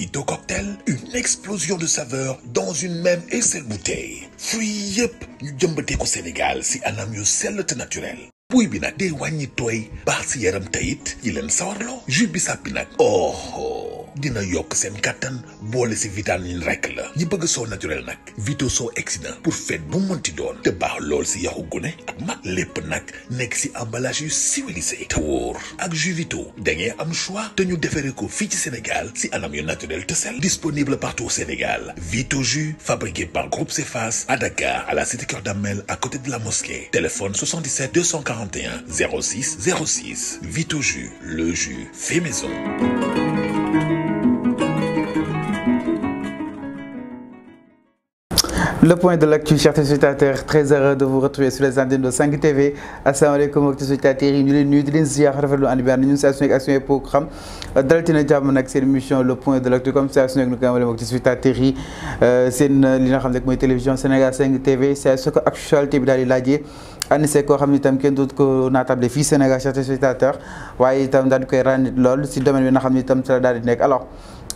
Vito Cocktail, une explosion de saveurs dans une même et seule bouteille Free yep, nous sommes Sénégal si un ami naturel naturelle. yaram oh. oh dina yok sen katan bolé si vitamine rek la ñi bëgg so naturel nak vito soo accident pour fait bu monti doon te baax lool si yaxu gune ak mag lépp nak si emballage civilisé Tour. ak jus vito da am choix te ñu déféré ko ci Sénégal si anam yu naturel te sel disponible partout au Sénégal vito fabriqué par Groupe Cefas à Dakar à la cité cœur Damel à côté de la mosquée téléphone 77 241 06 06 vito jus le jus fait maison Le point de l'actu, chers téléspectateurs, très heureux de vous retrouver sur les antennes de 5 TV. Assalamu alaikum, téléspectateurs yi ñu leen nuyu di leen ziar rafetlu ànd bi ànd ñun saa su nekk ak suñu programme dalatina jàmm nag seen émission le point de l'actu comme saa su nekk ñu koy amalee téléspectateurs yi euh, seen euh, li nga xam ne mooy télévision Sénégal 5 TV C'est su ko actualité bi daal di laajee ànd see koo xam ne itam kenn dootu table naatable fii Sénégal chers téléspectateurs waaye itam daal di koy ràññit lool si domaine bi nga xam ne itam si la daal di nekk alors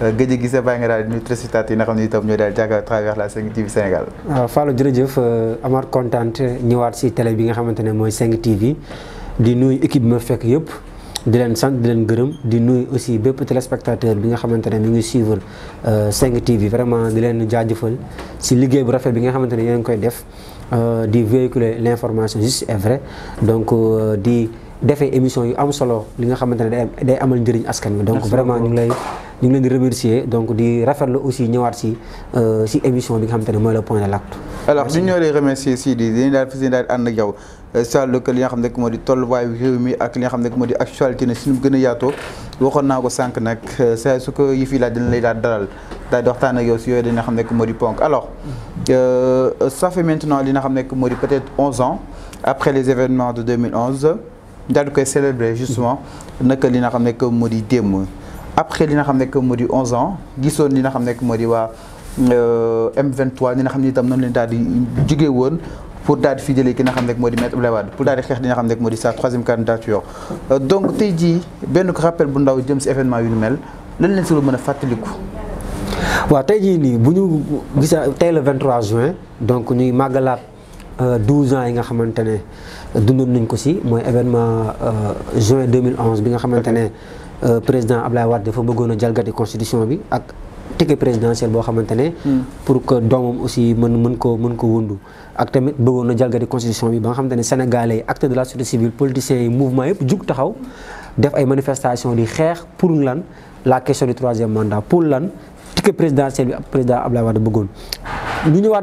gëj gise bàyyi nga daal di nuyu téléspectateurs yi na xam ne itam ñoo daal jàkkaarloo travers la 5 TV Sénégal. waaw ah, Fallou jërëjëf euh, Amar kontaan ñëwaat si télé bi nga xamante ne mooy 5 TV di nuyu équipe bi ma fekk yëpp. di leen sant di leen gërëm di nuyu aussi bépp téléspectateur bi nga xamante ne mi ngi suivre 5 euh, TV vraiment di leen jaajëfal si liggéey bu rafet bi nga xamante ne yéen ngi koy def euh, di véhiculer l' information juste et donc di. defee émission yu am solo li nga xamantene day day amal ndirign askan wi donc vraiment ñu lay ñu ngi leen di remercier donc di rafetlu aussi ñëwaat ci euh ci émission bi nga xamantene moy le point de l'acte alors ñu ñoo remercier si di dañu daal fas yéene daal ànd ak yow euh, sàll que li nga xamne ne modi di tolluwaayu réew mi ak li nga xamne ne modi actualité ne suñu gëna a waxon waxoon naa ko sànq nag euh, saa su ko yëf yi laaj lay daal dalal da di waxtaan ak yow si yooyu dañu xam ne moo ponk alors euh ça fait maintenant li nga xam ne moo peut-être 11 ans après les événements de 2011 daal di célébrer justement naka li nga xam nekk moo di après li nga xam nekk moo 11 ans gissone li nga xam nekk moo di euh, M23 li nga xam tam itam len dal di jugee woon pour dal di fi jëlee ki nga xam nekk moo Maître Abdoulaye Wade pour daal di xeex li nga xam nekk moo di sa troisième candidature euh, donc tay di ben ko rappel bu ndaw jëm si événement yu mel lan len solo lu mën wa tay di ni buñu nii tay le 23 juin donc ñuy magalat 12 euh, ans yi nga xamantene dundoon nañ ko si mooy événement euh, juin 2011 bi nga xamante ne euh, président Ablaye Wade dafa bëggoon a jalgati constitution bi ak ticket présidentiel boo xamante ne. Hmm. pour que doomam aussi mën mën ko mën ko wundu ak tamit bëggoon a jalgati constitution bi ba nga xamante ne sénégalais yi acteurs de la société bi politiciens yi mouvement yëpp jug taxaw def ay manifestation di xeex pour lan la question du troisième mandat pour lan ticket présidentiel bi président Ablaye Wade bëggoon ñu ñëwaat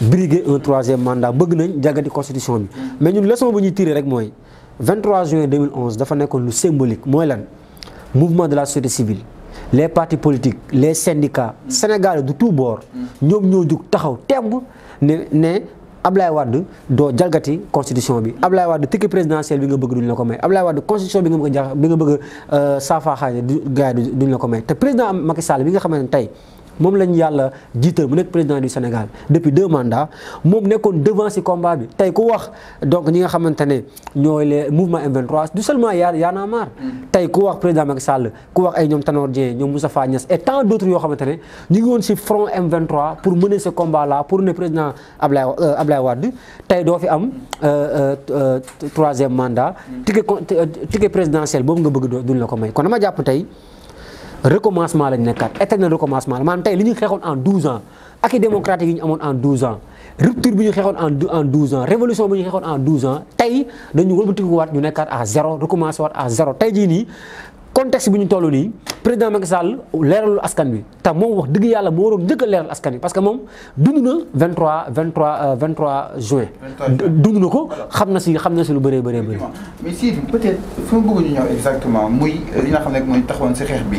briguer un troisième mandat bëgg nañ jagati constitution bi mais ñun leçon bu ñuy tiré rek 23 juin 2011 dafa nekkoon lu symbolique mooy lan mouvement de la société civile les partis politiques les syndicats sénégalais de tout bord nous ñoo jug taxaw temb ne ne Ablaye Wade do jalgati constitution bi Ablaye Wade ticket présidentiel bi nga bëgg duñ la ko may Ablaye Wade constitution bi nga bëgg bi nga bëgg a euh, saafaaxaane du gars duñ la ko may té président Macky Sall bi nga xamanté tay mom lañ yalla jiital mu nek président du Sénégal depuis deux mandats mom nekkoon devant ci combat bi tay ku wax donc ñi nga xamante ñoy le mouvement M23 du seulement yaa Y'en a marre tey ku wax président Macky Sall ku wax ay ñom Tanor Dieng ñoom Moustapha Niasse et tant d'autres yo xamante ñi ngi won ci front M23 pour mener ce combat là pour ne président Ablaye euh, Ablaye Wade tay do fi am euh, euh, euh troisième mandat mm. ticket euh, ticket présidentiel boobu nga bëgg duñ la ko may kon dama japp tay recommencement lañ nekkaat éternel recommencement man maanaam en 12 ans acquis démocratique ñu en 12 ans rupture bi en 12 ans révolution bi en 12 ans tay dañu wat ñu à zéro recommencer à zéro tay ji ni contexte bi ñu toll nii président Macky Sall leeralul askan bi ta mom wax deug yalla mo waroon njëkk a askan bi parce que mom dund 23 23 23 juin. 23 juin dund ko xam si xamna na si lu bëree bëree bëri. mais si peut-être fu bëggu ñu ñaw exactement muy li nga xam moy mooy ci xex bi.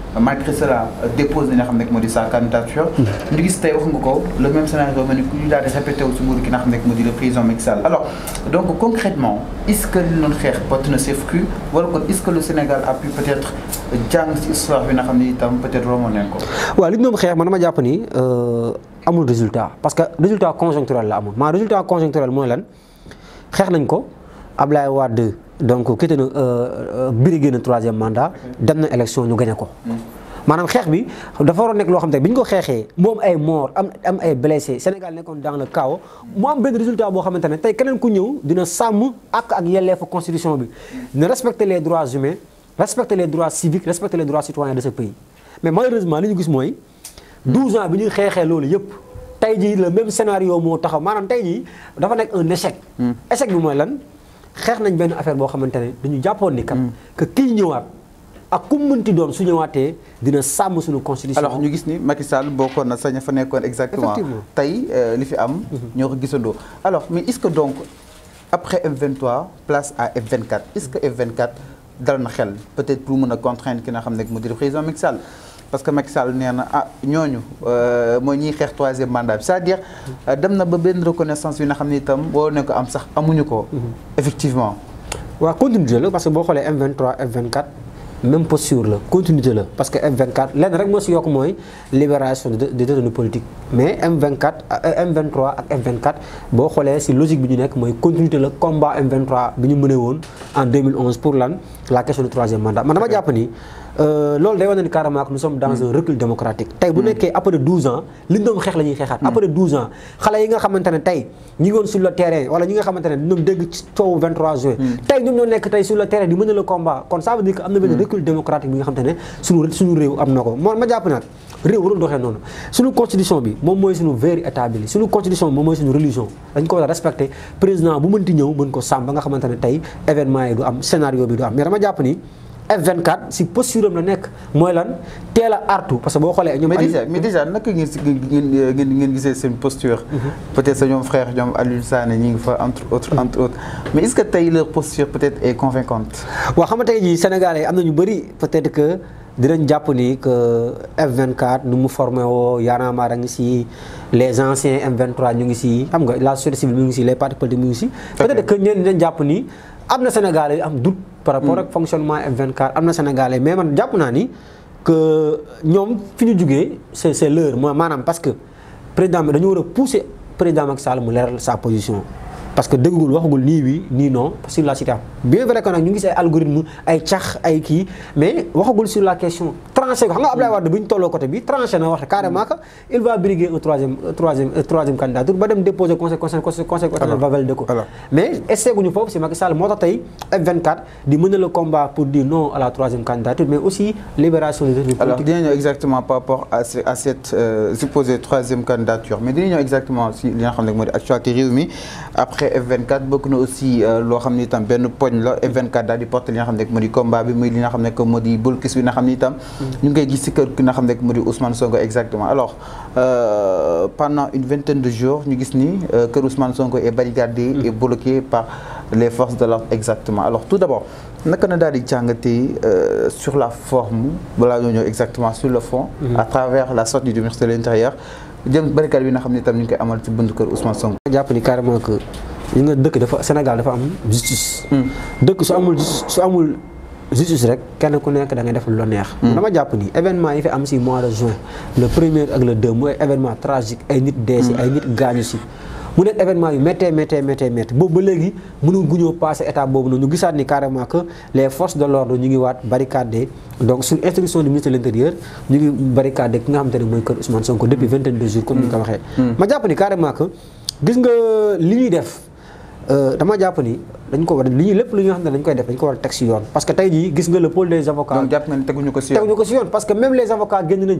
malgré cela dépose li nga xam nekk moo di sa candidature. Hmm. ñu gis wax nga le même scénario ma ni ku ñu daal di répété wu si nguur gi le président Macky alors donc concrètement est-ce que li faire xeex porte na ses fruits wala kon est-ce que le Sénégal a pu peut-être jàng si histoire bi nga xam ne peut-être romoon nañ ko. waaw li ñu doon xeex man dama jàpp ni euh, amul résultat parce que résultat conjoncturel la amul maa résultat conjoncturel mooy lan xeex nañ ko Ablaye Wade donc quitté na euh, euh, birigé na troisième mandat dans l'élection, élection ñu gagné ko maanaam xeex bi dafa waroon nekk loo xam te bi ñu ko est moom ay mort am am ay blessé Sénégal nekkoon dans le chaos mom ben résultat boo xamante ne tey quelqu'un ku ñëw dina sàmm ak ak yelleefu constitution bi ne respecter les droits humains respecter les droits civiques respecter les droits citoyens de ce pays mais malheureusement li ñu gis mooy 12 ans bi ñuy xeexee loolu yëpp tey jii le même scénario moo taxaw maanaam tey dafa un échec hmm. échec bi lan xeex nañ ben affaire bo xamante dañu jàppoon ni kat. Mm. que ki ñëwaat ak ku mënti doon su ñëwaaté dina sam suñu constitution. alors ñu gis ni Macky Sall bokkoon na sañ fa nekkoon exactement. tay euh, li fi am. Mm-hmm. ñoo ko gisandoo alors mais est-ce que donc après F23 place à F24 est-ce que F24 dal na xel peut-être pour mëna a contraindre ki na xam ne mu di président Macky Sall parce que Macky Sall néna ah ñooñu euh, troisième mandat c'est-à-dire euh, dem na ba reconnaissance yu na xamni tam bo ne ko am sax amuñu ko. Mhm. effectivement. wa continuité parce que M23 m 24 même posture la continuité parce que m 24 lén rek mo libération de de détenus politiques mais M24 M23 et m 24 c'est xolé si logique bi ñu le continuité le combat M23 bi ñu en 2011 pour lan la question du troisième mandat man dama ni. Euh, loolu day wane ni nous sommes dans hmm. un recul démocratique tey bu hmm. nekkee après 12 ans li ñu doon xeex la ñuy hmm. après 12 ans xala yi nga xamante tay ñi ngi woon sur le terrain wala ñi nga xamante ne ñoom dégg ci 23 juin Tay ñoom ñoo nek tay sur le terrain di mëna le combat kon ça veut dire que am na recul démocratique bi nga xamante suñu suñu réew am na ma japp nag réew warul doxee noonu suñu constitution bi mom moy suñu vérité établi suñu constitution mom moy suñu religion dañ ko war a président bu mënti ñëw mën ko samba nga xamante tay événement yi du am scénario bi du am mais dama japp ni F24 si posture la nek moy lan teel a artu parce que boo xoolee. ñoom Aliou mais déjà naka ngeen si ngeen ngeen gisee posture. Mhm. peut-être sa ñoom frère ñom Aliou ñi ngi fa entre autres entre autres mais est-ce que tey leur posture peut-être est convaincante. wa xam nga tey Sénégalais amna ñu bari peut-être que. dinañ japp ni que F24 nu mu formé wo Y'en a ngi si les anciens M23 ñu ngi si xam nga la société civile mu ngi si les partis politiques mu ngi peut-être que ñenn dinañ japp ni amna Sénégalais am doute. par rapport ak fonctionnement F24 am na sénégalais mais man jàpp naani ni que ñoom fi ñu jugee c'est c'est l'heure maanaam parce que président bi dañu war a pousser président Macky Sall mu leeral sa position. parce que dëggul waxagul nii oui nii non sur la cité bien vrai que nag ñu ngi ay algorithme ay cax ay ki, mais waxagul sur la question tranché xam nga Abdoulaye Wade buñ tolo côté bi tranché na wax carrément que il va briguer un troisième troisième troisième candidature ba dem déposer conseil conseil conseil conseil va valider ko mais essayé guñu foofu si Macky Sall moo tax F24 di mener le combat pour dire non à la troisième candidature mais aussi libération des détenus alors dinañu exactement par rapport à à cette euh, supposée troisième candidature mais dinañu exactement si li nga xam nak moo di actualité réew mi après après F24 beaucoup aussi euh, lo xamni tam ben benn la mm. F24 dal di porté li nga xam modi combat bi muy li nga xamne ko modi bulkis bi nga xamni tam mm. ñu ngi koy gis si kër ki nga xam Ousmane Sonko exactement alors euh, pendant une vingtaine de jours ñu gis ni keur Ousmane Sonko est barricadé mm. et bloqué par les forces de l'ordre exactement alors tout d'abord nakana dal daal di jàngatee euh, sur la forme voilà ñu exactement sur le fond à travers la sortie du ministère de l'Intérieur jëm barricade bi nga xam ne itam ñu ngi amal ci buntu Ousmane Sonko jàpp ni carrément que yi nga dëkk dafa Sénégal dafa am justice. Hmm. dëkk su amul justice rek kenn ku nekk da ngay def lu la neex. Hmm. dama jàpp ni événement yi fi am si mois de juin le premier ak le deux mooy événement tragique ay nit dee si hmm. ay nit gaañu si. mu nekk événement yu méttee méttee méttee méttee boobu ba léegi mënu guñoo passé état boobu noonu ñu gisaat ni carrément que les forces de l'ordre ñu ngi waat barricadé donc sur instruction du ministre de l'intérieur ñu ngi barricadé ki nga xamante ne mooy kër Ousmane Sonko depuis vingtaine de jours comme ni nga waxee. ma jàpp ni carrément que li ñuy Eh, dama japp ni dañ ko war li ñi lepp lu ñu xamne dañ koy def dañ ko war tax ci yoon parce que tay ji gis nga le pôle des avocats donc japp nga teguñu ko ci yoon teguñu ko ci yoon parce que même les avocats genn nañ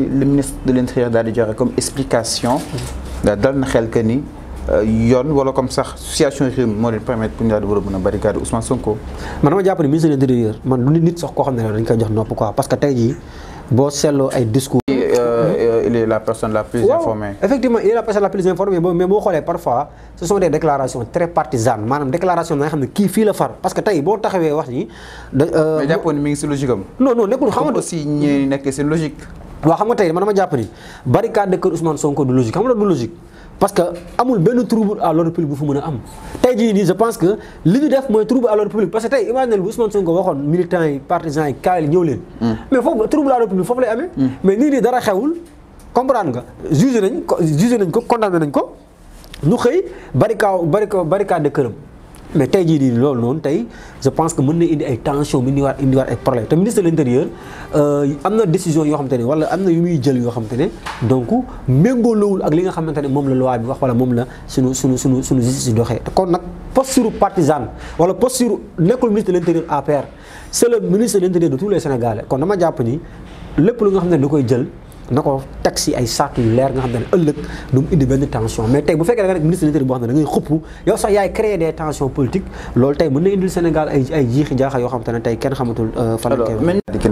le ministre de l'intérieur a déjà joxe comme explication dans na xel euh, y a wala comme sax situation qui mi permet leen pour ñu daal barricade Ousmane Sonko. man dama jàpp ministre de l'intérieur man suis nit sax koo xam dañ koy jox quoi parce que tey jii boo seetloo ay discours. il est euh, euh, la personne la plus informée. effectivement il est la personne la plus informée mais boo xoolee parfois ce sont des déclarations très partisanes maanaam déclaration nga xam qui kii le parce que tey boo taxawee wax ni. mais jàppoon mi ngi logique non non nekkul xam aussi ñi logique. waa xam nga tey man dama jàpp ni barricade de kër Ousmane Sonko du logique xam du logique parce que amul benn trouble à l'ordre public bu fu mën a am tey jii nii je pense que li ñu def mooy trouble à l'ordre public parce que tey imaginel bu Ousmane Sonko waxoon militants yi partisans yi kaay ñëw leen. Hmm. mais foofu trouble à l'ordre public foofu lay amee. Hmm. mais nii nii dara xewul comprendre nga jugé nañ ko jugé nañ ko condamné nañ ko ñu xëy barricade barricade de këram. mais tey jii nii loolu noonu tey je pense que mën na indi ay tension mën na indiwaat ay problème te ministre de euh, am na décision yoo xamante ne wala am na yu muy jël yoo xamante ne donc méngoolowul ak li nga xamante ne moom la loi bi wax wala moom la suñu suñu suñu suñu justice doxee kon nag posture partisane wala posture nekkul ministre de l' intérieur APR c' est le ministre de l' intérieur de tous les Sénégalais kon dama jàpp ni lépp lu xam ne da koy jël na ko teg si ay sart leer nga xam ne ëllëg du mu indi benn tension mais tey bu fekkee da nga nekk ministre de l'Intérieur boo xam ne da xupp yow sax yaay créer des tensions politiques loolu tey mën na indil Sénégal ay ay jiixi jaaxa yoo xam te ne tey kenn xamatul euh, fan la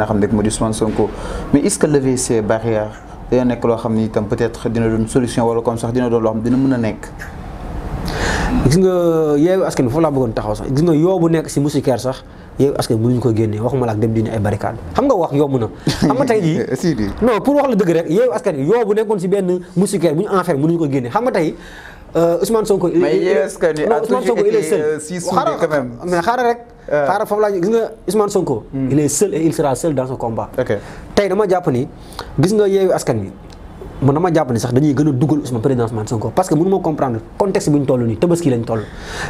xam ne moo di Ousmane Sonko mais est-ce que lever ces barrières dina nekk doon solution wala comme sax dina doon loo xam dina mën a nekk gis nga yeewu askan bi foofu laa bëggoon taxaw sax gis nga yoobu nekk si musikeer sax yow askan bi mënuñu ko génne waxuma la ak dem dina ay barricade xam nga wax yomb na. xam nga tey jii non pour wax la dëgg rek yow askan wi yow bu nekkoon si benn moustiquaire bu ñu enfermé mënuñu ko génne xam nga tey euh, Ousmane Sonko. il est Ousmane Sonko il est seul euh. hmm. il est seul et dans ce tey dama jàpp ni gis nga yeewu askan wi mo dama japp ni sax dañuy gëna duggal Ousmane président Ousmane Sonko parce que mënu mo comprendre contexte buñ tollu ni tebeski lañ tollu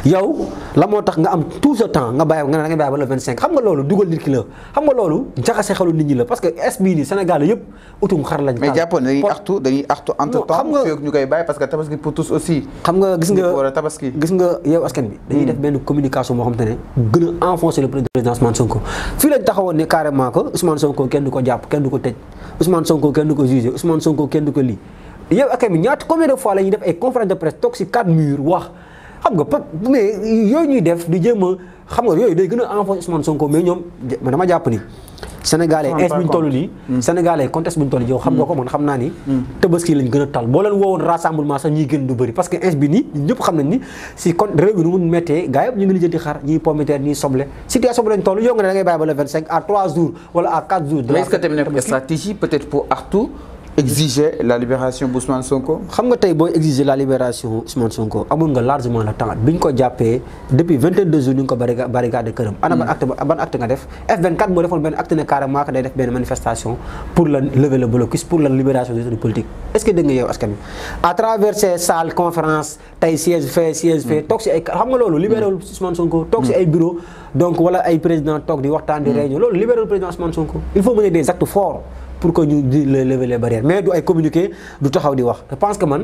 yow la mo tax nga am tout ce temps nga baye nga nga baye ba le 25 xam nga lolu duggal nit ki la xam nga lolu jaxase xalu nit ñi la parce que SB ni Sénégal yëpp utum xar lañ mais japp ni artu dañuy artu entre temps fi ak ñukay baye parce que tebeski pour tous aussi xam nga gis nga tebeski gis nga ya, yow askan bi hmm. dañuy def ben communication mo xam tane gëna enfoncer le président Ousmane Sonko fi lañ taxawone carrément ko Ousmane Sonko kenn duko japp kenn duko tejj Ousmane Sonko kenn du ko jugé Ousmane Sonko kenn du ko lii yow ak mi ñaata combien de fois la ñuy def ay conférence de presse toog si quatre murs wax xam nga pa mais yooyu ñuy def di jéem a xam nga yooyu day gën a enfoncer Ousmane Sonko mais ñoom dama jàpp ni. sénégalais ins bu ñu toll nii hmm. sénégalais contexte bu ñu toll nii xam nga ko man xam naa ni hmm. tabaski lañ gën a tal boo leen woowoon rassemblement sax ñuy gën du bëri parce que ins bi nii ñëpp xam nañ ni si kon réew bi nu mun méttee gars yëpp ñu ngi lijjanti xar ñuy pomiteer ñuy soble situation bi lañ toll yow nga ne da ngay bàyyi ba le 25 à jours wala à 4 jours mais est-ce que tamit exiger la libération Ousmane Sonko. xam nga tay booy exiger la libération Ousmane Sonko amul nga largement la temps bi ko jappé depuis 22 jours ñu ko barricade këram. ana ban acte ban acte nga def F24 moo defoon ben acte ne carrément que day def ben manifestation pour la lever le blocus pour la libération des détenus politiques est-ce que dégg nga yow askan à travers ces salles conférence tay siège fee siège fee toog si ay xam nga lolu libérewul Ousmane Sonko toog ay bureau donc wala ay président tok di waxtan di mm. réunion lolu libérewul président Ousmane Sonko il faut mener des actes forts pour que ñu lever les barrières mais du ay communiquer, du taxaw di wax je pense que man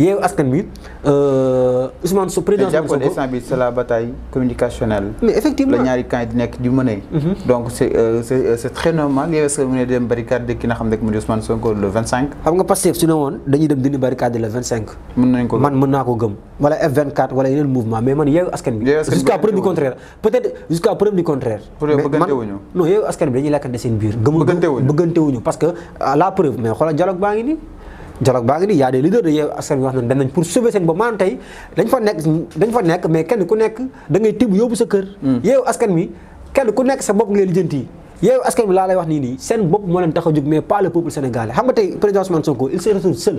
yeewu askan bi euh, Ousmane Sonko président Sonko instant bi c'est la bataille communicationnelle. mais effectivement la ñaari camp yi di nekk di mën mhm. donc c'est euh, euh, c'est très normal yow est-ce une barricade qui ki nga xam ne mu Ousmane Sonko le 25. xam nga Pastef su ne dañuy dem barricade le 25. Man nañ man mën ko gëm. wala F24 wala yeneen mouvement mais man eu askan bi. jusqu'à preuve du contraire peut-être jusqu'à preuve du contraire. mais man non eu askan bi dañuy lakkante seen biir. gëm bëggante wuñu parce parce que preuve mais xoolal dialogue baa ngi nii dialogue baa ngi nii y a des leaders de Yewwi Askan Wi yoo xam ne dem nañ pour sauver seen bopp maanaam tey dañ fa nekk dañ fa nekk mais kenn ku nekk da ngay tibb yóbbu sa kër hmm. Yewwi Askan Wi kenn ku nekk sa bopp ngay lijjanti Yewwi Askan Wi laa lay wax nii nii seen bopp moo leen tax a jóg mais pas le peuple sénégalais xam nga tey président Ousmane Sonko il se retrouve seul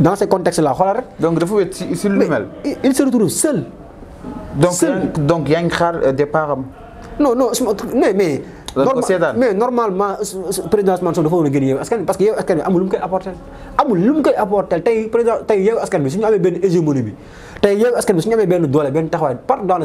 dans ce contexte rek. donc dafa wét si si lu mel. il euh, yaa ngi xaar euh, départ am. mais normalement président Ousmane Sonko dafa war a gën Yewwi Askan Wi parce que Yewwi Askan Wi amul lu mu koy apporter amul lu mu koy apporter tey président tey Yewwi Askan Wi suñu amee benn hégémonie bi tey Yewwi Askan Wi suñu amee benn doole benn taxawaay partout dans le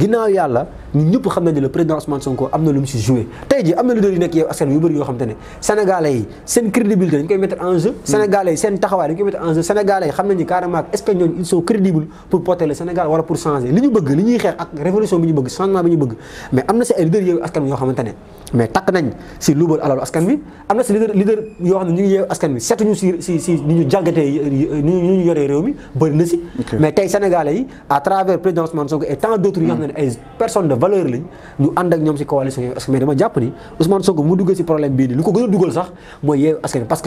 ginaaw yàlla ni ñëpp xam nañ ne le président Ousmane Sonko am na lu mu si joué tey ji am na leader yu nekk yow askan yu bëri yoo xam te ne sénégalais yi seen crédibilité dañ koy mettre en jeu hmm. sénégalais yi seen taxawaay dañ koy mettre en jeu sénégalais yi xam nañ ni carrément est ce que ñooñu ils sont crédibles pour porter le Sénégal wala pour changer li ñu bëgg li ñuy xeex ak révolution bi ñu bëgg changement bi ñu bëgg mais am na si ay leader yow askan yoo xamante ne mais takk nañ si luubal alalu askan bi am na si leader leader yoo xam ne ñu ngi yeew askan bi seetuñu si si si ni ñu jàggatee ni ñu yoree réew mi bëri na si mais tey sénégalais yi à travers président Ousmane Sonko et tant d' autres ne ay personne de valeur lañ ñu ànd ak ñoom si coalition Yewwi Askan mais dama jàpp ni Ousmane Sonko mu duggee si problème bii nii lu ko gën a sax mooy Yewwi Askan parce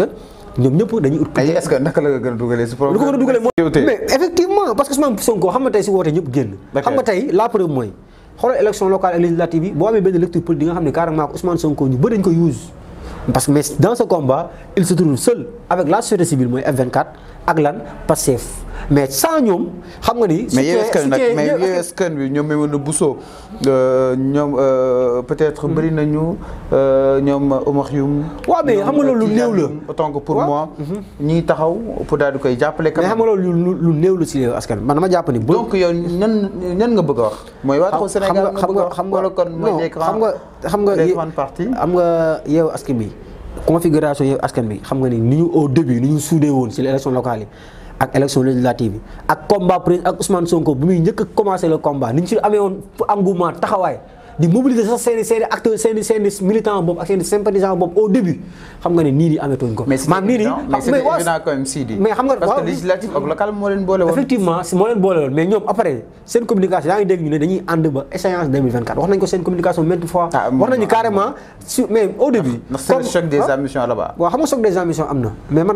parce que Ousmane Sonko xam nga si woote ñëpp génn. xam nga tey la mooy xoolal élection locale ak législative boo amee benn lecture politique nga xam ne carrément Ousmane Sonko ñu bëri dañ ko use parce que mais dans ce combat il se trouve seul avec la société civile mooy f mais sans ñoom xam nga ni. mais yéen askan nag mais yéen askan bi ñoom Maimouna Bousso euh, ñoom euh, peut-être hmm. bëri nañu euh, ñoom Omar Youm. waaw mais xam nga loolu lu néew la autant que pour moi. Mhm. ñiy taxaw pour daal di koy jàppale. mais xam nga loolu lu néew la ci askan man dama jàpp ni. donc yow ñan ñan nga bëgg a wax. mooy waa taxaw Sénégal nga bëgg a wax xam nga kon mooy xam nga xam nga xam nga yow askan bi configuration yow askan bi xam nga ni ni ñu au début ni ñu soudé woon ci les élections locales yi ak élection législative bi ak combat président ak Ousmane Sonko bu muy njëkk a commencé combat ni ñu ci amee woon engouement taxawaay di mobiliser sax seeni seeni acteurs ak seeni sympathisants boobu effectivement si moo boole woon mais ñoom après seen communication yaa ngi dégg ñu ne dañuy ànd ba échéance wax nañ ko seen communication maintes fois. Ah, wax nañu carrément su mais au début. ndax c'est le des ah ambitions là-bas. waaw xam nga choc des ambitions am na mais man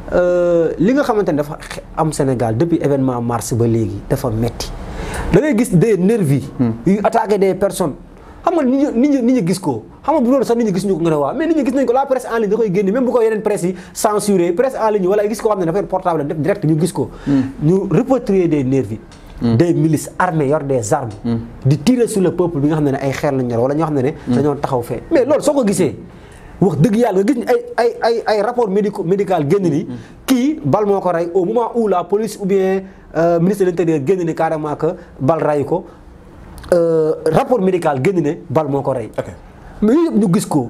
Euh, li nga dafa am Sénégal depuis événement mars ba légui dafa metti da ngay gis des nervis hmm. yu attaqué des personnes xam nga nit ñi nit ñi gis ko xam nga bu sax ko nga mais nañ ko la presse en ligne da koy génne même bu ko yeneen presse yi censuré presse en ligne wala gis ko dafa portable def direct ñu gis ko hmm. repatrier des nervis hmm. des milices armées yor des armes di tirer sur le peuple bi nga xam ay xeer yor wala ñoo taxaw mais lool soko wax dëgg yàlla nga gis ay ay ay ay rapport médico médical génn ni mm-hmm. kii bal moo ko rey au moment où la police ou bien euh, ministre de l'intérieur génn ni carrément que bal rey ko euh, rapport médical génn ne bal moo ko rey mais yëpp ñu gis ko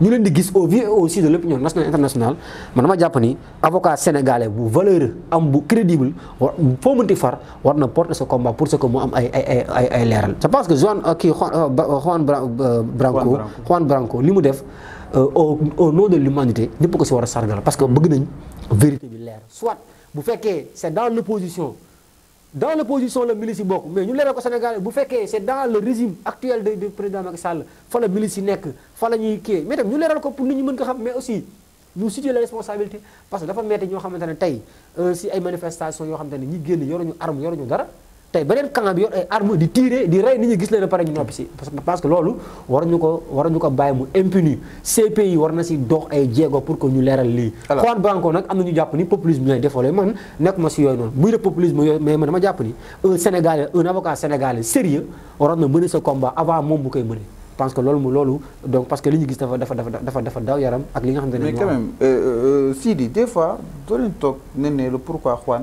ñu leen di gis au vu et aussi de l'opinion nationale internationale man dama jàpp ni avocat sénégalais bu valeur am bu crédible war foo mënti far war na porter ce combat pour ce ko mu am ay ay ay ay leeral. je pense que Juan euh, kii euh, euh, Juan Branco Juan Branco li mu def au au de l'humanité ñëpp ko si war a sargal parce que bëgg nañ vérité bi leer soit bu fekkee c'est dans l'opposition dans l'opposition la milice yi bokk mais ñu leeral ko Sénégal bu fekkee c'est dans le régime actuel de de président Macky Sall fa la milice yi nekk fa la ñuy kii mais tam ñu leeral ko pour nit ñi mën ko xam mais aussi ñu situer la responsabilité parce que dafa metti ñoo xamante ne tey euh, si ay manifestations yoo xamante ne ñi génn yoruñu arme yoruñu dara tey beneen camp bi yor ay di tirer di rey nit ñi gis leen pare ñu noppi si parce que loolu waruñu ko waruñu ko bàyyi mu impuni CPI war na si dox ay jéego pour que ñu leeral lii Juan Branco nag am na ñu jàpp ni populisme ñooy defoo lay man nekk ma si yooyu noonu buy de populisme yooyu mais man dama jàpp ni un sénégalais un avocat sénégalais sérieux waroon na mener ce combat avant moom bu koy mener pense que loolu mu loolu donc parce que li ñu gis dafa dafa dafa dafa daw yaram ak li nga xam ne mais quand même euh, euh, Sidi des fois doo toog ne ne le pourquoi Juan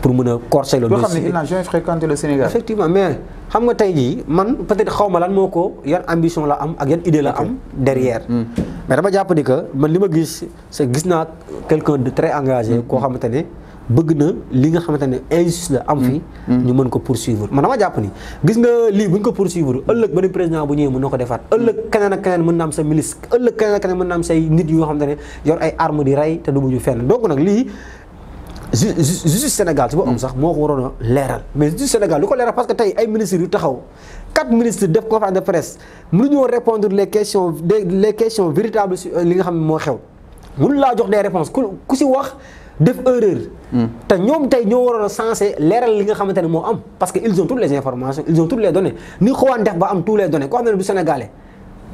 pour mën a corser le dossier. xam ne il n'a jamais fréquenté effectivement mais xam nga tey jii man peut-être xaw lan moo ko yan ambition la am ak yan idée la am derrière. Hmm. mais dama jàpp ni que man li ma gis sa gis naa quelqu'un de très engagé hmm. koo xamante ne. bëgg na li nga xamante ne injustice la am hmm. fi ñu mën ko poursuivre man dama jàpp ni gis nga lii bu ñu ko poursuivre ëllëg beneen président bu ñëwee mën na ko defaat ëllëg keneen ak keneen mën na am sa milice ëllëg keneen ak keneen mën am say nit yu nga xamante ne yor ay arme di rey te du nag lii justice Sénégal tu vois comme ça, moi je a mais justice Sénégal lu ko parce que ministre ay ministres yu taxaw quatre ministres def conférence de presse mënuñoo répondre les questions les questions véritables euh, li nga gens qui moo xew mënu la jox des réponses ku ku si wax def erreur. Mm. erreurs, ñoom tey ñoo waroon censé leeral li nga xamante ne parce qu'ils ont toutes les informations ils ont toutes les données ni xawaan def ba am tous les données koo xam ne du sénégalais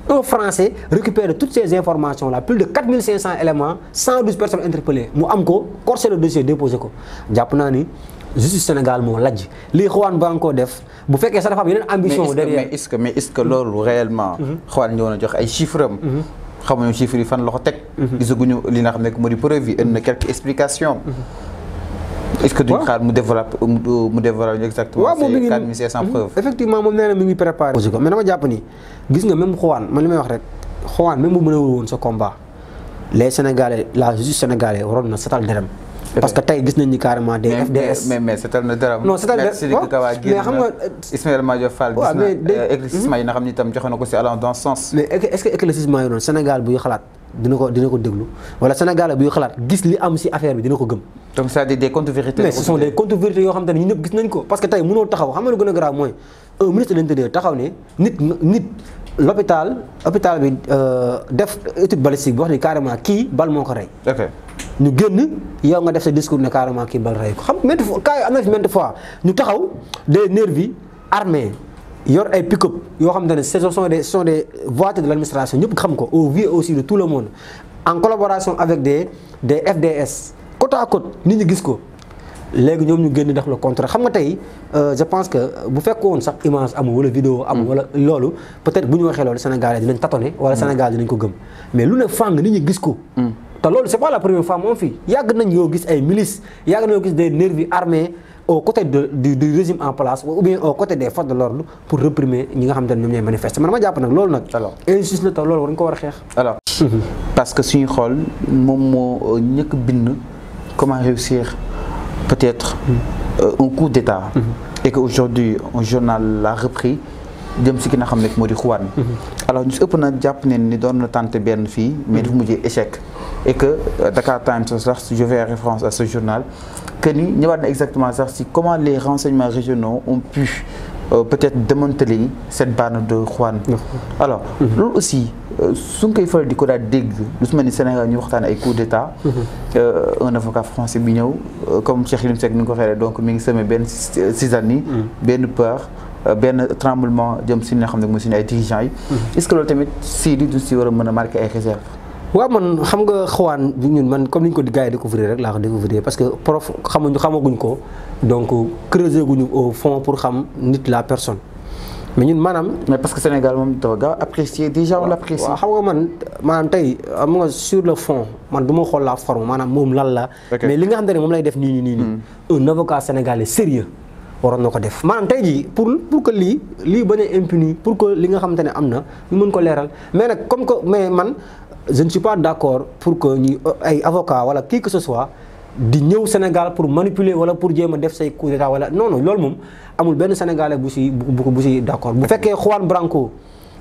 un Français récupère toutes ces informations-là, plus de 4500 éléments, 112 personnes interpellées. le dossier déposé ko Sénégal def ambition derrière mais est-ce que est que réellement. Mm-hmm. Juan chiffres mm-hmm. chiffres mm-hmm. quelques explications est-ce que tu as développé exactement. effectivement je suis préparé. mais dama le même Juan même si wax combat les Sénégalais la justice sénégalaise parce que tay gis nañ ni carrément des FDS. mais mais c'est un drame non seetal na dara mais xam nga. Ismaël Madior Fall gis na euh, éclaircissement yi nga xam ni tam joxe na ko allant dans sens. mais est ce que éclaircissement yi non Sénégal bu xalaat dina ko dina ko déglu wala Sénégal buy xalat gis li am ci affaire bi dina ko gëm. donc ça à des contre-vérités. mais ce sont des contre-vérités yoo xam te ne gis nañ ko parce que tay mëno taxaw xam nga lu gën grave mooy un ministre de l'intérieur taxaw ni nit nit. l'hôpital hôpital bi euh, def étude balistique bi wax ni carrément kii bal moko ray rey ñu génn yow nga def sa discours ne carrément kii bal ray ko xam maintes fois cas am na fi maintes fois ñu taxaw des nervis armés yor ay pick-up yoo xam ne ce sont des sont des voitures de l'administration ñëpp xam ko au vie aussi de tout le monde en collaboration avec des des FDS côte à côte nit ñi gis ko léegi ñoom ñu génn def le contrat xam nga tey euh, je pense que bu fekkoon sax image amul wala vidéo amul mm. wala loolu peut-être bu ñu waxee loolu Sénégalais dinañ tâtonner wala mm. Sénégal dinañ ko gëm mais lu ne fàng nit ñi gis ko mm c'est pas la première fois mon fils, il y a des milices il y a des nervis armés au côté du régime en place ou bien au côté des forces de l'ordre pour réprimer les manifestants. Je ne sais pas, manifester man ma c'est ça. alors alors mhm. parce que on regarde, moom moo euh, comment réussir peut-être mhm. euh, un coup d'État. Mhm. et qu'aujourd'hui un journal l'a repris jëm si ki nga xam ne moo mhm. alors ñu si ëpp na japp ne ni doon na tenté benn mais dafa mujjee échec et que euh, Dakar Times sax je fais référence à ce journal que ni ñëwaat na exactement sax si comment les renseignements régionaux ont pu euh, peut-être démanteler cette bande de Juan. Mhm. alors nous mhm. aussi euh, suñ koy faut di ko daal dégg lu su ni Sénégal ñu waxtaan ay coup d'état un avocat français bi ñëw comme Cheikh Yérim Seck ni ko féré donc mi ngi semé benn années ben peur ben tremblement jëm si li nga xam ne ay dirigeants yi. Mhm. est-ce que loolu tamit si du si wara a marqué ay réserve wa man xam nga xawaan bi ñun man comme ni ko gars yi découvrir rek la ko découvrir parce que prof xamuñu xamaguñ ko donc creuser guñu au fond pour xam nit la personne. mais ñun manam mais parce que Sénégal mom dafa gaaw apprécier déjà on l'apprécie. xam nga man maanaam tay am nga sur le fond man du ma la forme manam mom lan la. mais li nga xam ne moom lay def ni ni ni hmm. un avocat sénégalais sérieux waroon na ko def maanaam tey jii pour pour que lii lii bañ a impuni pour que li nga xamante ne am na ñu mën ko leeral mais nag comme que mais man je ne suis pas d'accord pour que ñuy ay avocat wala qui que ce di ñëw Sénégal pour manipuler wala pour jéem a def say coup d'état wala non loolu moom amul benn sénégalais bu si bu bu si d'accord bu fekkee Juan Branco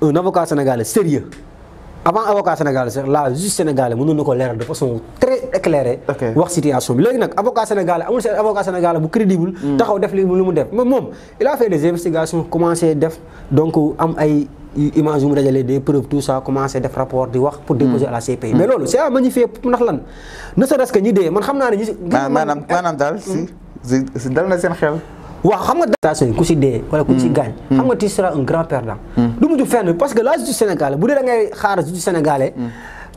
un avocat sénégalais sérieux avant avocat sénégalais sax la justice sénégalais mënoon na ko leeral de façon très éclairée wax situation bi léegi nag avocat sénégalais amul seen avocat bu crédible hmm. taxaw def li mu def mais moom il a fait des investigations commencé def donc am ay image yu mu dajale des tout ça commencé def rapport di wax pour déposer hmm. à la CPI hmm. mais loolu c'est à magnifier ndax lan ne serait ñi dee man xam naa ne ñi maanaam maanaam daal si dal na seen xel waaw xam nga station ku si dee wala ku si hmm. gaañ xam nga hmm. tu seras un grand perdant hmm. du mujj fenn parce que la justice sénégalaise bu dee da xaar justice sénégalaise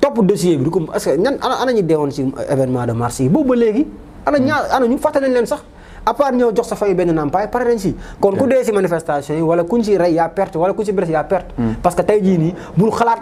topp dossier bi du ko parce que ana ana ñu si événement de mars yi boobu léegi ana ñu fàttali nañ leen sax à ñëw jox sa fayu benn nampaay pare nañ si kon ku dee si manifestation yi wala kuñ si rey yaa perte wala ku si bres yaa perte parce que tey jii nii bul xalaat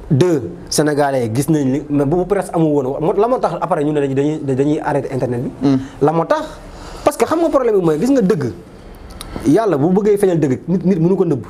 de deux sénégalais gis nañ li mais bu presse amul woon moo la moo tax après ñu ne dañuy dañuy arrêté internet bi. Hmm. la moo tax parce que xam nga problème bi mooy gis nga dëgg yàlla bu bëggee feeñal dëgg nit nit mënu ko nëbb.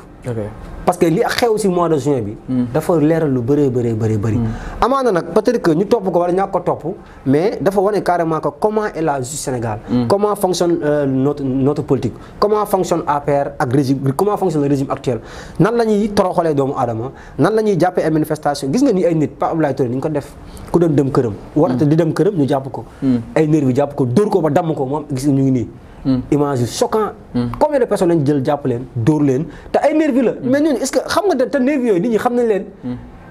parce que li xew ci mois de juin bi. Hmm. dafa leral lu bëree bëree bëri bëri. Hmm. amana nak peut-être que ñu top ko wala ñako top topp mais dafa woné carrément comment est la justice Sénégal. Hmm. comment fonctionne euh, notre notre politique comment fonctionne APR ak régime comment fonctionne le régime actuel nan la ñuy doomu adama, nan la jappé jàppee manifestation gis nga ni ay nit Pape Abdoulaye Touré ni ko def ku doon dem kërëm warata di dem kërëm ñu japp ko. ay nerf bi japp ko dóor ko ba dam ko moom gis ñu ngi ni Hmm. image yu choquant hmm. combien de personnes lañ jël jàpp leen dóor leen te ay nervi la hmm. mais ñooñu est-ce que xam nga te nervi yooyu nit ñi xam nañ leen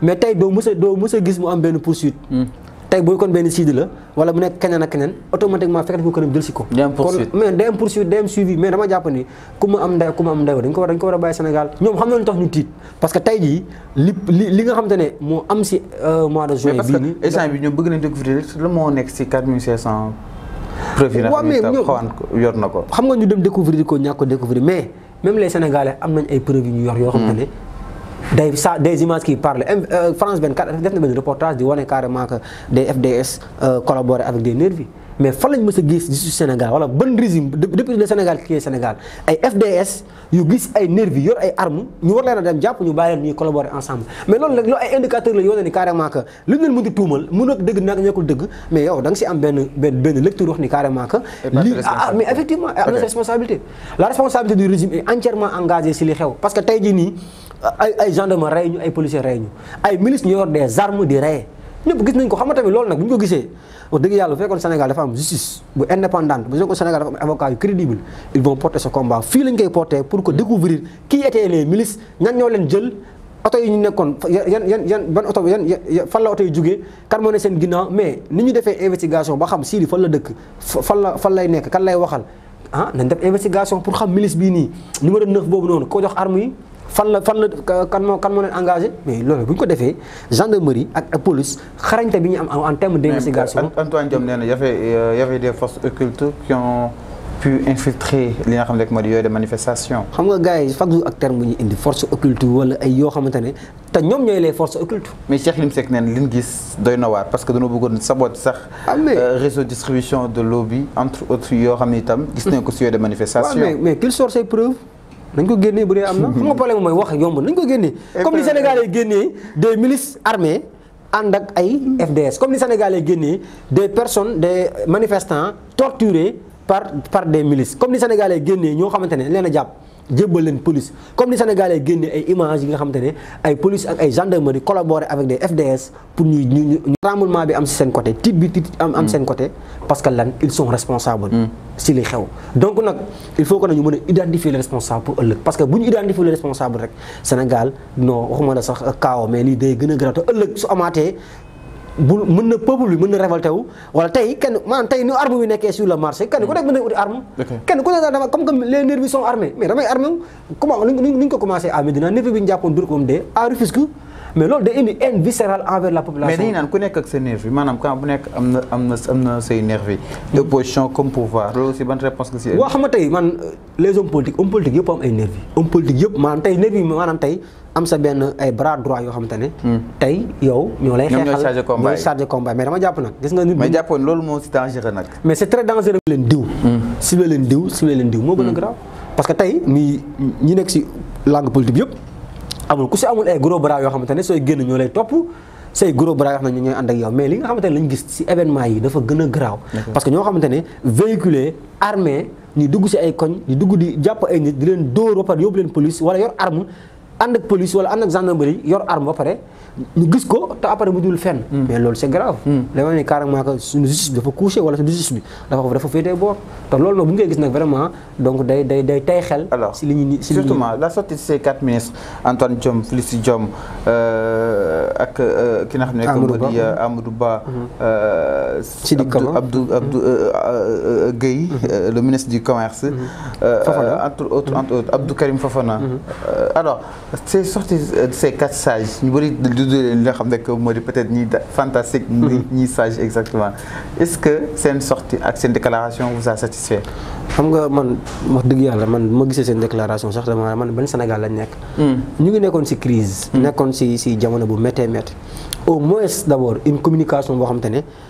mais tey doo mës gis mu am benn poursuite tey booy kon benn siidi la wala mu nekk keneen ak keneen automatiquement fekk ko këram jël si ko kon mais day am poursuite am suivi mais dama jàpp ni ku mu am ndey ku mu am ndey dañ ko war dañ ko war a bàyyi Sénégal ñoom xam na lu tax ñu tiit parce que tey jii li li ne moo am si euh, waaw mais ñoom yor na xam nga ñu dem découvrir ko ñako découvrir mais même les sénégalais am nañ ay preuves ñu yor yo xam hmm. day sa des images qui parlent euh, France 24 def na benn reportage di woné carrément que des FDS euh, collaborer avec des nervis mais fan lañ mës a gis justice Sénégal wala ban régime depuis le Sénégal créé Sénégal ay FDS yu gis ay nervi yor ay armes ñu war leen a dem jàpp ñu bàyyi leen ñuy collaborer ensemble mais loolu rek loolu ay indicateur la yoo ne ni carrément que lu ñu leen mën di tuumal mën na dëgg nag mais yow da nga si am benn benn benn lecture wax ah, ah, responsabilité la responsabilité du régime est entièrement si li xew parce que tey ji nii ay ay gendarme rey ñu ay policier rey ñu ay milice ñu yor des armes di rey Nous gis nañ ko xam tamit ko wax Sénégal dafa am justice bu indépendante bu Sénégal dafa avocat crédible ils vont porter ce combat fi lañ porter pour que découvrir qui étaient les milices ñan ñoo leen jël auto yi ñu yan yan ban auto yan fa la auto yi fait kan mo pour sen mais ni ñu défé investigation ba xam Sidi fa la dëkk fa la fa lay nekk kan lay waxal ah investigation pour xam milice numéro 9 bobu fan la fan kan moo kan moo leen engagé mais loolu bu ñu ko defee gendarmerie ak police xarañte bi am en terme d'investigation. Antoine Diome nee na euh, y avait des forces occultes qui ont pu infiltrer li nga xam ne moo di yooyu de manifestation. xam nga gars yi chaque jour ak terme bu ñu indi force occulte wala ay yoo xamante ne te ñoom les forces occultes. mais Cheikh Limsek, Seck neen li ñu gis doy parce que dañoo bëggoon saboot sax. Ah, euh, réseau de distribution de lobby, entre autres yoo xam ne itam. gis nañ ko si yooyu de manifestation mais mais qu'ils sortent ses preuves. nañ ko génnee bu dee am na xam nga problème mooy wax yomb nañ ko génnee comme ni Sénégalais génnee des milices armées ànd ak ay FDS comme ni Sénégalais génnee des personnes des manifestants torturés par par des milices comme ni Sénégalais génnee ñoo xamante ne leen a jàpp jébbal leen police comme ni sénégalais génne ay images yi nga xamante ne ay police ak ay gendarmerie collaborer avec des FDS pour ñuy ñu tremblement bi am si seen côté tiit bi tiit am am mm. seen côté parce que lan ils sont responsables si mm. li xew donc nag il faut que nañu mën a identifier les responsables pour ëllëg parce que bu ñu identifier les responsables rek Sénégal non waxuma la sax kaaw mais lii day gën a gën a ëllëg su amaatee bu mën na peuple bi mën na révolté wu wala tey kenn maanaam tey ni arme bi nekkee sur le marché kenn ku nekk mën na uti arme kenn ku nekk daal dama comme que les nervis sont armés mais damay armé wu comment ni ñu nervi bi ñu jàppoon dur ko moom dee à Rufisque mais loolu de une haine viscérale envers la population. mais dañu naan ku nekk ak sa nerf quand bu nekk am na am na am na say comme pouvoir loolu aussi ban réponse que c'est. waaw xam nga man euh, les hommes politiques hommes politiques yëpp am ay nerf hommes politiques yëpp man, tey nerf yi maanaam tey am sa benn ay bras droit yo xamante hmm. tay yow ñoo lay. xeexal ñooy chargé combat mais dama japp nak gis nga nit mais jappone loolu mo si dangereux nak mais c'est très dangereux. len diw. ciblé hmm. len diw ciblé len diw mo gën hmm. grave parce que tay mi ñi nek ci langue politique yëpp amul ku si amul ay gros bras yoo xamante ne sooy génn ñoo lay topp say gros bras yoo xam ne ñooy ànd ak yow mais li nga xamante ne lañ gis si événement yi dafa gën a garaaw parce que ñoo xamante ne véhiculé armé ñu dugg si ay koñ ñu dugg di jàpp ay nit di leen dóor ba pare yóbbu leen police wala yor arme ànd ak police wala ànd ak gendarmerie yor arme ba pare ñu gis ko ta après mu jul fenn mais hmm. lool c'est grave hmm. dama ni carrément ko suñu justice dafa coucher wala suñu justice bi dafa dafa fété bo ta lool no bu ngey gis nak vraiment donc day day day tay xel ci li ni surtout la sortie de ces quatre ministres Antoine Diom Félix Diom euh ak euh, ki nga xam ne Amadou Ba. Euh, mhm. euh, Abdou Abdou mhm. mhm. le ministre du commerce. entre autres entre autres Abdou Karim Fofana. alors ces sorties ces quatre sages ni nga xam ne que peut-être ni fantastique. ni sage exactement est-ce que une sortie ak déclaration vous a satisfait. xam nga man wax dëgg yàlla man ma gisee seen déclaration sax dama man ban Sénégal lañ nekk. Hmm. ñu ngi nekkoon ci crise hmm. nekkoon ci ci jamono bu méttee métti au moins d'abord une communication boo xam te ne.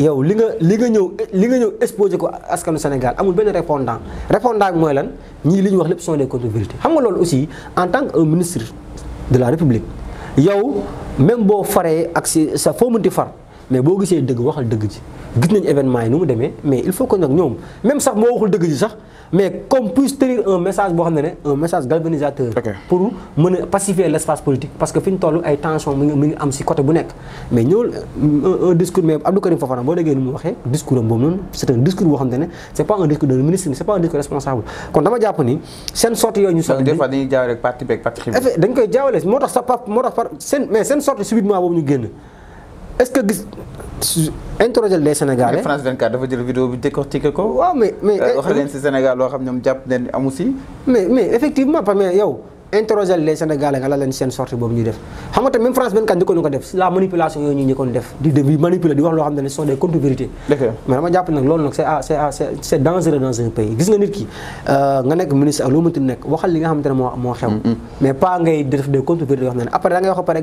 yow li nga li nga ñëw li nga ñëw exposé ko askanu Sénégal amul benn répondant répondant mooy lan ñii li ñu wax lépp sont des xam nga loolu aussi en tant que un ministre de la République yow même boo faree ak si sa foo mënti far mais bo gisee deug waxal deug ci gis nañ événement yi nu mu mais il faut que nak ñom même sax mo waxul deug ci sax mais qu'on puisse tenir un message bo xamné un message galvanisateur pour mën pacifier l'espace politique parce que fiñ ñu ay tension mi ngi am ci côté bu nek mais ñëwul un discours mais Abdou Karim Fofana bo déggee ni waxé discours mom non c'est un discours bo xamné c'est pas un discours de ministre c'est pas un discours responsable kon dama japp ni sen sorte yoy ñu sorti des fois dañuy rek parti beeg parti dañ koy jaawale moo tax sa pap moo tax mais sen sorte subitement bobu ñu génn est-ce que gis interroger les Sénégalais. mais France 24 dafa jël vidéo bi décortiqué ko. waaw mais mais euh, eh, wax leen mais mais effectivement parce nga la leen seen sortie boobu ñuy def xam nga tamit même France 24 ko def si la manipulation yooyu ñu njëkkoon def di di manipuler di wax loo xam ne ce sont des mais dama jàpp nag loolu nag c'est ah c'est ah c'est dangereux dans pays gis nga nit ki euh, nga nekk ministre ak loo mënti nekk waxal li nga xamante ne moo xam ne après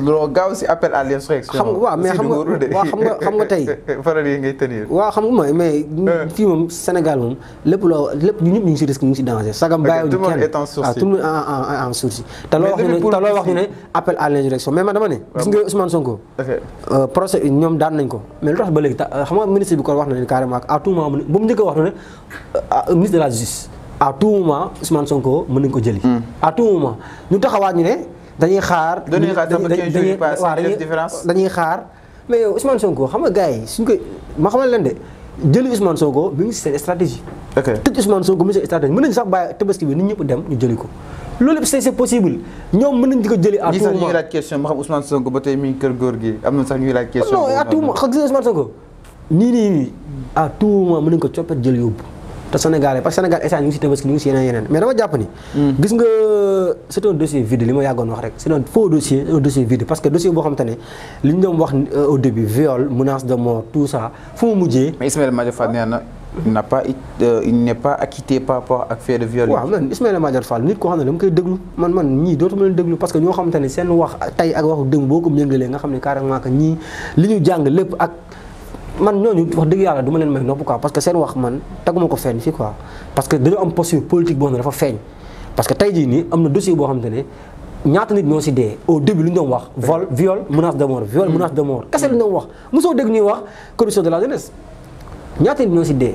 loo gaaw si appel à l'insurrection. xam nga waaw mais xam nga waaw tey. faral xam nga mooy euh. fii moom Sénégal moom lépp loo lépp ñu ñu ngi si risque ñu ngi si danger. sagam bàyyiwuñu kenn ah, tout le monde est en ñu ne te wax ñu ne appel à l'insurrection mais man dama ne. gis nga Ousmane Sonko. ok euh, procès ñoom daan nañ ko mais lu tax ba léegi euh, xam nga ministre bi kon wax na leen carrément à tout moment ba mu njëkk a wax ne ne ministre de la justice ko jëli. Hmm. à tout moment ñu taxawaat ñu ne dañuy xaar. dañuy xaar dañuy dañuy xaar. mais yow Ousmane Sonko xam nga gars yi suñ koy ma xamal leen de jëli Ousmane Sonko mu ngi seen stratégie. tëj Ousmane Sonko mu seen stratégie mën nañu sax bàyyi tabaski bi nit ñëpp dem ñu jëli ko. loolu yëpp c'est possible ñoom mën nañ ko jëli. à tout moment ñi sax ñu ngi laaj ma xam Ousmane Sonko à tout moment xam nga Ousmane Sonko nii nii à tout moment mën nañu ko coppet jël yóbbu te Sénégal parce que Sénégal état ñu ngi si tabaski ñu ngi si yeneen yeneen mais dama jàpp ni hmm. gis nga c' est un li ma yàggoon wax rek c' est un faux dossier un parce que dossier boo xam te ne li ñu doon wax euh, au début viol menace pas euh, il par rapport ak fait de viol waaw man Ismaïla Madior Fall nit koo xam ne dama koy déglu man man ñii dootuma leen déglu parce ñoo xamante ne seen wax tey ak waxu dëng boo ko méngalee nga xam ne carrément que ñii man ñooñu wax deug yalla duma leen may nopp quoi parce que seen wax man taguma ko fenn fii quoi parce que dañoo am posture politique boo dafa feeñ parce que tey jii nii am dossier bo xamantene te ñaata nit ñoo ci dé au début lu ñu wax vol viol menace de mort viol menace de mort kasse lu ñu wax muso deug ñuy wax corruption de la jeunesse ñaata nit ñoo ci dé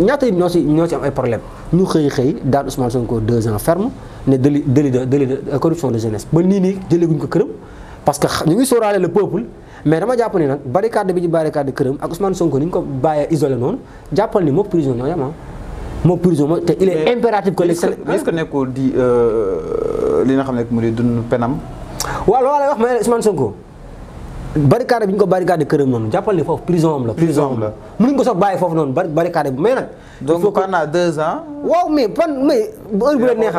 ñaata nit ñoo ci ñoo ci am ay problème ñu xey xey daan Ousmane Sonko 2 ans ferme né délit délit de de euh, corruption de jeunesse ba ni ni jëlee guñ ko kërëm parce que ñu ngi sóoraale le peuple mais dama jàpp ni nag barricade bi ci barricade këram ak Ousmane Sonko ni ñu ko bàyyee isolé noonu jàppal ni moom prison ñoo yem ah. moo prison mooy te il est impératif que. est-ce que est di euh, li nga xam ne mu di dund penam. waaw loolu lay wax mais Ousmane Sonko. barricade bi ñu ko barricade këram noonu jàppal ni foofu prison am la. prison am la mënuñ ko sax bàyyi foofu noonu bari bi mais nag. waaw mais ba heure bu leen neex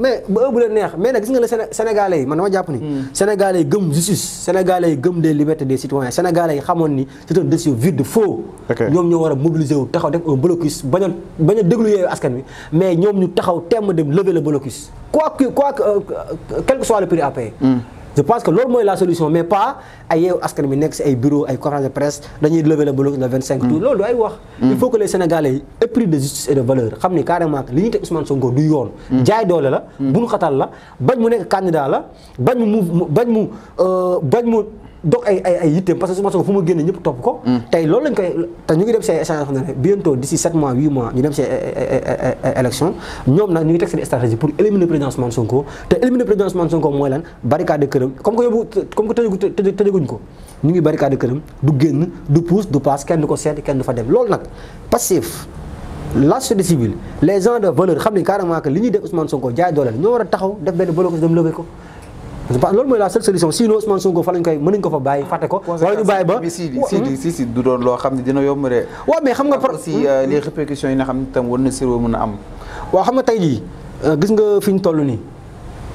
mais ba heure bu leen neex mais nag gis nga la Sénégalais yi man dama jàpp ni. Hmm. Sénégalais yi gëm justice. Sénégalais yi gëm des libertés des citoyens Sénégalais yi xamoon ni c'est un dossier vide faux. ñoom ñoo war a mobiliser wu taxaw def un blocus bañ déglu yeewu askan wi mais ñoom ñu taxaw temm dem lever le blocus. quoi que quoi que euh, quel je pense que loolu mooy la solution mais pas ay yeewu askan bi nekk si ay bureau ay conférence de presse dañuy lever le boulot le 25 tout mm. loolu du ay wax mm. il faut que les sénégalais aient pris de justice et de valeur xam ni carrément que li Ousmane Sonko du yoon mm. jaay Dole, la buñ xatal la bañ mu nekk candidat la bañ mu bañ euh, dog ay ay ay yitteem parce que Ousmane Sonko fu mu génne ñëpp topp ko. Mm. tey loolu lañ koy te ñu ngi dem si ay échange yoo xam ne bientôt d'ici 7 mois 8 mois ñu dem si ay eh, eh, eh, élection ñoom nag ñu ngi teg seen stratégie pour éliminer président Ousmane Sonko te éliminer président Ousmane Sonko mooy lan barricade këram comme que yóbbu ko ñu ngi barricade këram du génn du pousse du passe kenn du ko seet kenn du fa dem loolu nag passif. la société civile les gens de valeur xam ne carrément que li ñuy def Ousmane Sonko jaay dooleel ñoo a taxaw def benn boloko si dem ko. pas lolu moy la seule solution sino man songo falañ koy meñ ko fa baye faté ko wala ñu baye ba si di si si du doon lo xamni dina yom re wa mais xam nga aussi les répercussions yi nga xamni tam wonna sero mëna am wa xam nga tay li eh, gis nga fiñ tollu ni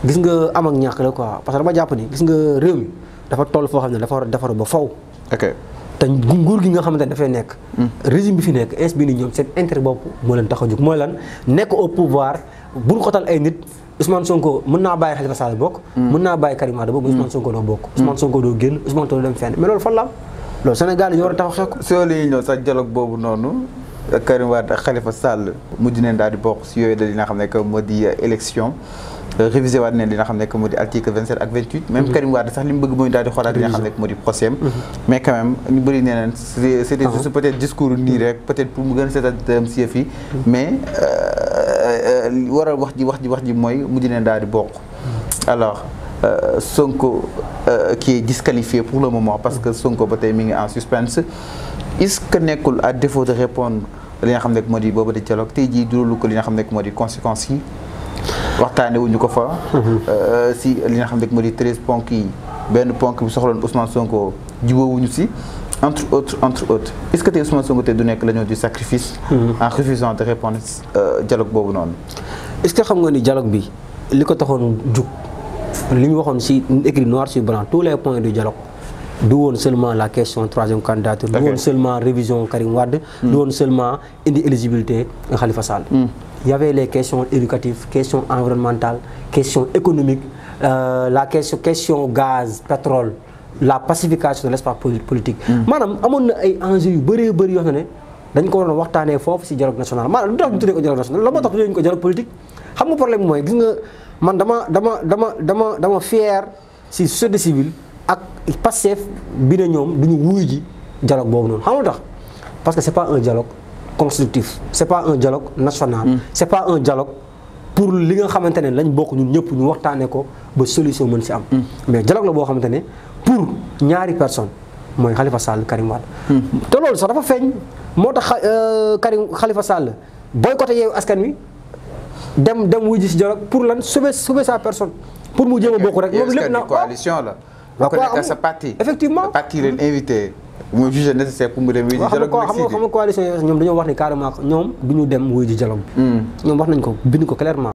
gis nga am ak ñak la quoi parce que dama japp ni gis nga rew dafa toll fo xamni dafa dafa ba faw ok tan nguur gi nga xamantene dafay nek hmm. régime bi fi nek es bi ni ñom c'est intérêt bop mo leen taxaju mo lan nek au pouvoir buñ ko tal ay nit Ousmane Sonko mën na baye Khalifa Sall bokk. Hmm. mën na baye Karim Wade bokk Ousmane hmm. Sonko do bokk. Hmm. Ousmane Sonko do génn Ousmane Sonko dem fenn mais lolou fan la am Sénégal yi ñoo war a taxaw xeex. soo sax dialogue bobu noonu Karim Wade ak Khalifa Sall mujj neen daal di bokk si yoy da dina xamné xam ne que moo euh, élection. Euh, révisé wat neen dina xamné xam ne que moo article 27 ak 28 même Karim Wade sax li bëgg moy daal di xoolaat li nga xam ne que moo di procès mais quand même ñu bari nee neen c'était juste ah. peut être discours ni rek peut être pour mu gën a seetal ci fi mais euh, war a wax ji wax ji wax ji moy mudine dal di bokk alors Euh, Sonko euh, qui est disqualifié pour le moment parce que Sonko batay mi ngi en suspense est-ce que nekkul à défaut de répondre li nga xam ne modi bobu boobu di dialogue ji jii lu ko li nga xam ne modi conséquences yi waxtaane wuñu ko fa euh, si li nga xam ne modi 13 ponk yi benn ponk bi soxlon Ousmane Sonko wuñu si entre autres entre autres est-ce que tes Ousmane Sonko tey donné que du sacrifice. Hmm. en refusant de répondre euh, dialogue ce dialogue est-ce que xam nga ni dialogue bi li ko taxoon jug écrit noir sur blanc tous les points de dialogue donnent seulement la question troisième candidat, donnent seulement seulement révision Karim Wade. Hmm. du seulement l'éligibilité de Khalifa Sall. Hmm. il y avait les questions éducatives questions environnementales questions économiques euh, la question question gaz pétrole. la pacification de l'espace politique. Hmm. maanaam amoon na ay enjeux yu bëree bëri yoo xam ne dañ ko waroon waxtaanee foofu ci dialogue national maanaam lu tax ñu tuddee ko dialogue national la moo tax man dama dama dama dama dama fier ci société civile ak Pastef bi ñoom du ñu wuyu ji dialogue boobu noonu xam nga tax parce que c'est pas un dialogue constructif c'est pas un dialogue national. Hmm. c'est pas un dialogue pour li nga xamante ne lañ bokk ñun ñëpp ñu waxtaanee ko ba solution mën si am. Hmm. mais dialogue la boo xamante ne. pour ñaari personne mooy Khalifa Sall Karim Wade. Hmm. te loolu sax dafa feeñ moo tax euh, Karim Khalifa Sall boycotté yeewu askan wi dem dem wuy ji si Jolof pour lan sauver sauver sa personne pour mu jéem a bokk rek. moom lépp na coalition la. waaw ku nekk sa parti effectivement parti invité. mu jugé nécessaire pour mu dem ñoom dañoo wax ni carrément ñoom du ñu dem wuy ji dialogue hmm. ñoom wax nañ ko bind ko clairement.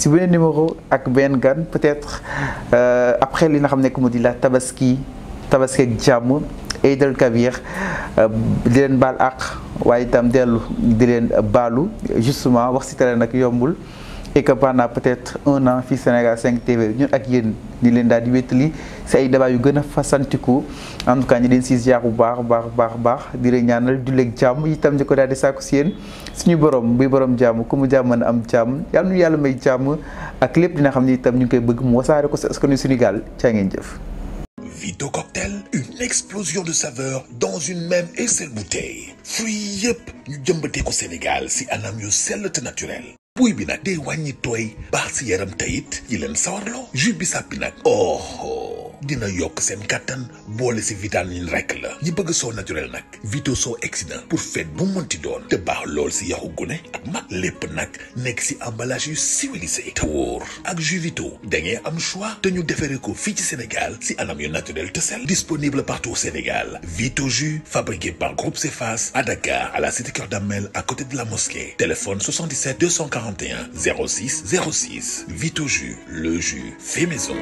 si vous êtes numéro ak Ben gan peut-être euh, après li nga xam ne tabaski tabaski ak jàmm Kavir, el Kabir euh, di leen baal àq waaye itam justement wax si yombul et que peut-être un an fils Sénégal 5 TV nous ak eu di leen di ay en tout cas si may une explosion de saveurs dans une même et seule bouteille fruits Sénégal si buy bi day wàññi tooy si yaram tayit yi oh dina Yok sen kattan boole si vitamine rek la Yi bëgg so naturel nak vito so pour fête bu monti doon te baax lol si yahu gune ak mag lépp nag si emballage yu civilisé ak vito Denye am choix te ñu defere ko fi ci Sénégal si anam yu naturel te sel disponible partout au Sénégal vito ju, fabriqué par Groupe Cefas à Dakar à la cité Keur Damel à côté de la mosquée téléphone 77 240 41 06 06. Vite au jus, le jus fait maison.